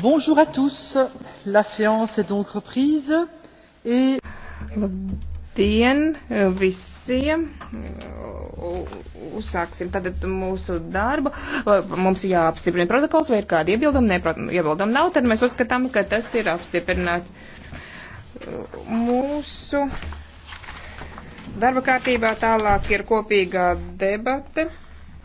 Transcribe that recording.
Bonjour à tous. La séance est donc reprise. Et... Labdien visiem! Uzsāksim tagad mūsu darbu. Mums jāapstiprina protokols, vai ir kādi iebildumi? Nē, iebildumi nav, tad mēs uzskatām, ka tas ir apstiprināts. Mūsu darba kārtībā tālāk ir kopīgā debate.